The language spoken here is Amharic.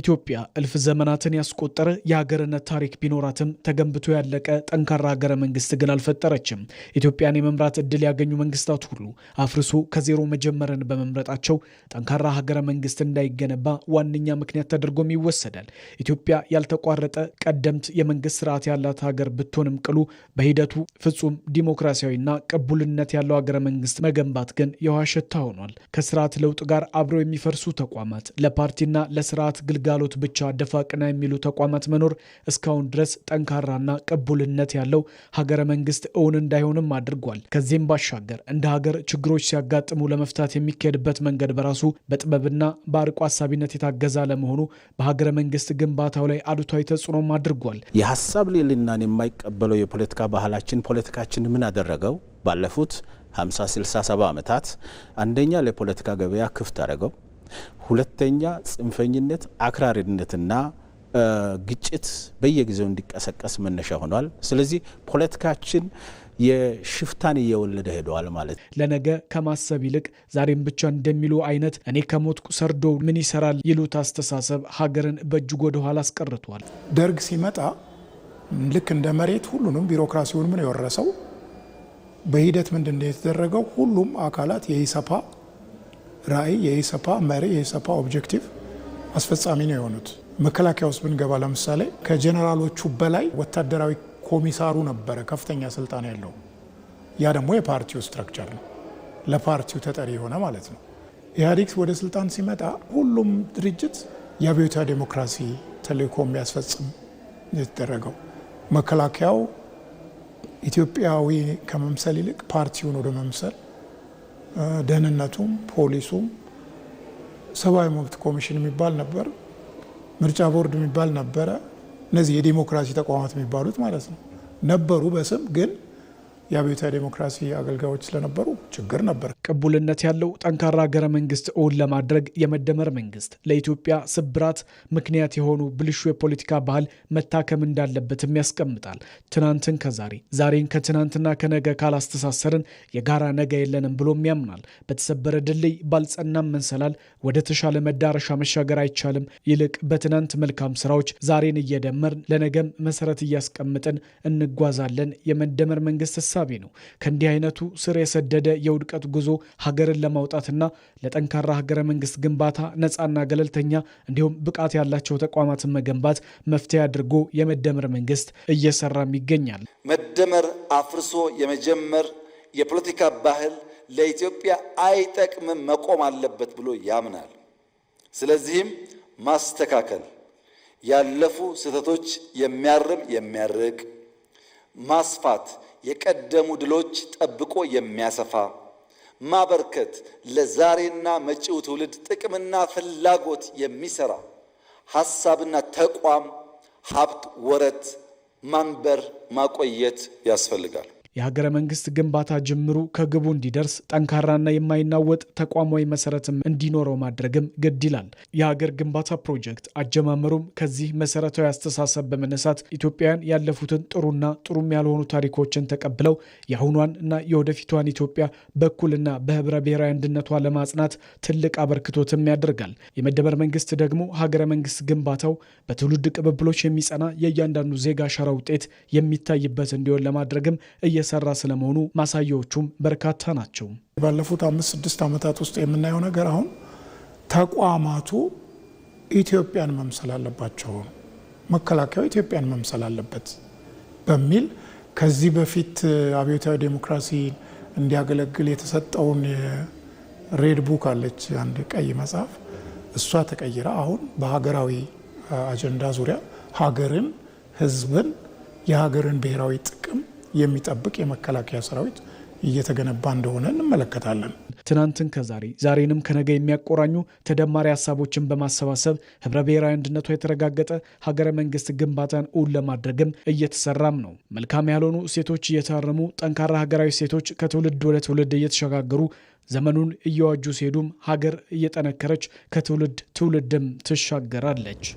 ኢትዮጵያ እልፍ ዘመናትን ያስቆጠረ የሀገርነት ታሪክ ቢኖራትም ተገንብቶ ያለቀ ጠንካራ ሀገረ መንግስት ግን አልፈጠረችም። ኢትዮጵያን የመምራት እድል ያገኙ መንግስታት ሁሉ አፍርሶ ከዜሮ መጀመርን በመምረጣቸው ጠንካራ ሀገረ መንግስት እንዳይገነባ ዋነኛ ምክንያት ተደርጎም ይወሰዳል። ኢትዮጵያ ያልተቋረጠ ቀደምት የመንግስት ስርዓት ያላት ሀገር ብትሆንም ቅሉ በሂደቱ ፍጹም ዲሞክራሲያዊና ቅቡልነት ያለው ሀገረ መንግስት መገንባት ግን የውሃ ሽታ ሆኗል። ከስርዓት ለውጥ ጋር አብረው የሚፈርሱ ተቋማት ለፓርቲና ለስርዓት ግል ግልጋሎት ብቻ ደፋቅና የሚሉ ተቋማት መኖር እስካሁን ድረስ ጠንካራና ቅቡልነት ያለው ሀገረ መንግስት እውን እንዳይሆንም አድርጓል። ከዚህም ባሻገር እንደ ሀገር ችግሮች ሲያጋጥሙ ለመፍታት የሚካሄድበት መንገድ በራሱ በጥበብና በአርቆ አሳቢነት የታገዛ ለመሆኑ በሀገረ መንግስት ግንባታው ላይ አሉታዊ ተጽዕኖም አድርጓል። የሀሳብ ሌልናን የማይቀበለው የፖለቲካ ባህላችን ፖለቲካችን ምን አደረገው? ባለፉት 50፣ 60፣ 70 ዓመታት አንደኛ ለፖለቲካ ገበያ ክፍት አደረገው። ሁለተኛ ጽንፈኝነት፣ አክራሪነትና ግጭት በየጊዜው እንዲቀሰቀስ መነሻ ሆኗል። ስለዚህ ፖለቲካችን የሽፍታን እየወለደ ሄደዋል ማለት ለነገ ከማሰብ ይልቅ ዛሬም ብቻ እንደሚሉ አይነት እኔ ከሞትኩ ሰርዶ ምን ይሰራል ይሉት አስተሳሰብ ሀገርን በእጅግ ወደ ኋላ አስቀርቷል። ደርግ ሲመጣ ልክ እንደ መሬት ሁሉንም ቢሮክራሲውን ምን የወረሰው በሂደት ምንድን ነው የተደረገው? ሁሉም አካላት የኢሰፓ ራዕይ የኢሰፓ መሪ የኢሰፓ ኦብጀክቲቭ አስፈጻሚ ነው የሆኑት። መከላከያ ውስጥ ብንገባ ለምሳሌ ከጀኔራሎቹ በላይ ወታደራዊ ኮሚሳሩ ነበረ ከፍተኛ ስልጣን ያለው። ያ ደግሞ የፓርቲው ስትራክቸር ነው፣ ለፓርቲው ተጠሪ የሆነ ማለት ነው። ኢህአዴግ ወደ ስልጣን ሲመጣ ሁሉም ድርጅት የአብዮታ ዴሞክራሲ ተልእኮ የሚያስፈጽም የተደረገው መከላከያው ኢትዮጵያዊ ከመምሰል ይልቅ ፓርቲውን ወደ መምሰል ደህንነቱም፣ ፖሊሱም፣ ሰብአዊ መብት ኮሚሽን የሚባል ነበር፣ ምርጫ ቦርድ የሚባል ነበረ። እነዚህ የዲሞክራሲ ተቋማት የሚባሉት ማለት ነው ነበሩ በስም ግን የአብዮታዊ ዴሞክራሲ አገልጋዮች ስለነበሩ ችግር ነበር። ቅቡልነት ያለው ጠንካራ ሀገረ መንግስት እውን ለማድረግ የመደመር መንግስት ለኢትዮጵያ ስብራት ምክንያት የሆኑ ብልሹ የፖለቲካ ባህል መታከም እንዳለበትም ያስቀምጣል። ትናንትን ከዛሬ ዛሬን ከትናንትና ከነገ ካላስተሳሰርን የጋራ ነገ የለንም ብሎም ያምናል። በተሰበረ ድልድይ ባልጸናም መንሰላል ወደ ተሻለ መዳረሻ መሻገር አይቻልም። ይልቅ በትናንት መልካም ስራዎች ዛሬን እየደመርን ለነገም መሰረት እያስቀምጥን እንጓዛለን። የመደመር መንግስት አሳሳቢ ነው። ከእንዲህ አይነቱ ስር የሰደደ የውድቀት ጉዞ ሀገርን ለማውጣትና ለጠንካራ ሀገረ መንግስት ግንባታ ነፃና ገለልተኛ እንዲሁም ብቃት ያላቸው ተቋማትን መገንባት መፍትሄ አድርጎ የመደመር መንግስት እየሰራም ይገኛል። መደመር አፍርሶ የመጀመር የፖለቲካ ባህል ለኢትዮጵያ አይጠቅምም፣ መቆም አለበት ብሎ ያምናል። ስለዚህም ማስተካከል ያለፉ ስህተቶች የሚያርም የሚያርቅ ማስፋት የቀደሙ ድሎች ጠብቆ የሚያሰፋ ማበርከት ለዛሬና መጪው ትውልድ ጥቅምና ፍላጎት የሚሰራ ሐሳብና ተቋም ሀብት፣ ወረት ማንበር፣ ማቆየት ያስፈልጋል። የሀገረ መንግስት ግንባታ ጅምሩ ከግቡ እንዲደርስ ጠንካራና የማይናወጥ ተቋማዊ መሰረትም እንዲኖረው ማድረግም ግድ ይላል። የሀገር ግንባታ ፕሮጀክት አጀማመሩም ከዚህ መሰረታዊ አስተሳሰብ በመነሳት ኢትዮጵያውያን ያለፉትን ጥሩና ጥሩም ያልሆኑ ታሪኮችን ተቀብለው የአሁኗን እና የወደፊቷን ኢትዮጵያ በኩልና በህብረ ብሔራዊ አንድነቷ ለማጽናት ትልቅ አበርክቶትም ያደርጋል። የመደመር መንግስት ደግሞ ሀገረ መንግስት ግንባታው በትውልድ ቅብብሎች የሚጸና የእያንዳንዱ ዜጋ አሻራ ውጤት የሚታይበት እንዲሆን ለማድረግም እየ እየሰራ ስለመሆኑ ማሳያዎቹም በርካታ ናቸው። ባለፉት አምስት ስድስት ዓመታት ውስጥ የምናየው ነገር አሁን ተቋማቱ ኢትዮጵያን መምሰል አለባቸው፣ መከላከያው ኢትዮጵያን መምሰል አለበት በሚል ከዚህ በፊት አብዮታዊ ዴሞክራሲ እንዲያገለግል የተሰጠውን ሬድ ቡክ አለች አንድ ቀይ መጽሐፍ እሷ ተቀይራ አሁን በሀገራዊ አጀንዳ ዙሪያ ሀገርን፣ ህዝብን የሀገርን ብሔራዊ ጥቅም የሚጠብቅ የመከላከያ ሰራዊት እየተገነባ እንደሆነ እንመለከታለን። ትናንትን ከዛሬ ዛሬንም ከነገ የሚያቆራኙ ተደማሪ ሀሳቦችን በማሰባሰብ ህብረ ብሔራዊ አንድነቷ የተረጋገጠ ሀገረ መንግስት ግንባታን እውን ለማድረግም እየተሰራም ነው። መልካም ያልሆኑ እሴቶች እየታረሙ ጠንካራ ሀገራዊ እሴቶች ከትውልድ ወደ ትውልድ እየተሸጋገሩ ዘመኑን እየዋጁ ሲሄዱም ሀገር እየጠነከረች ከትውልድ ትውልድም ትሻገራለች።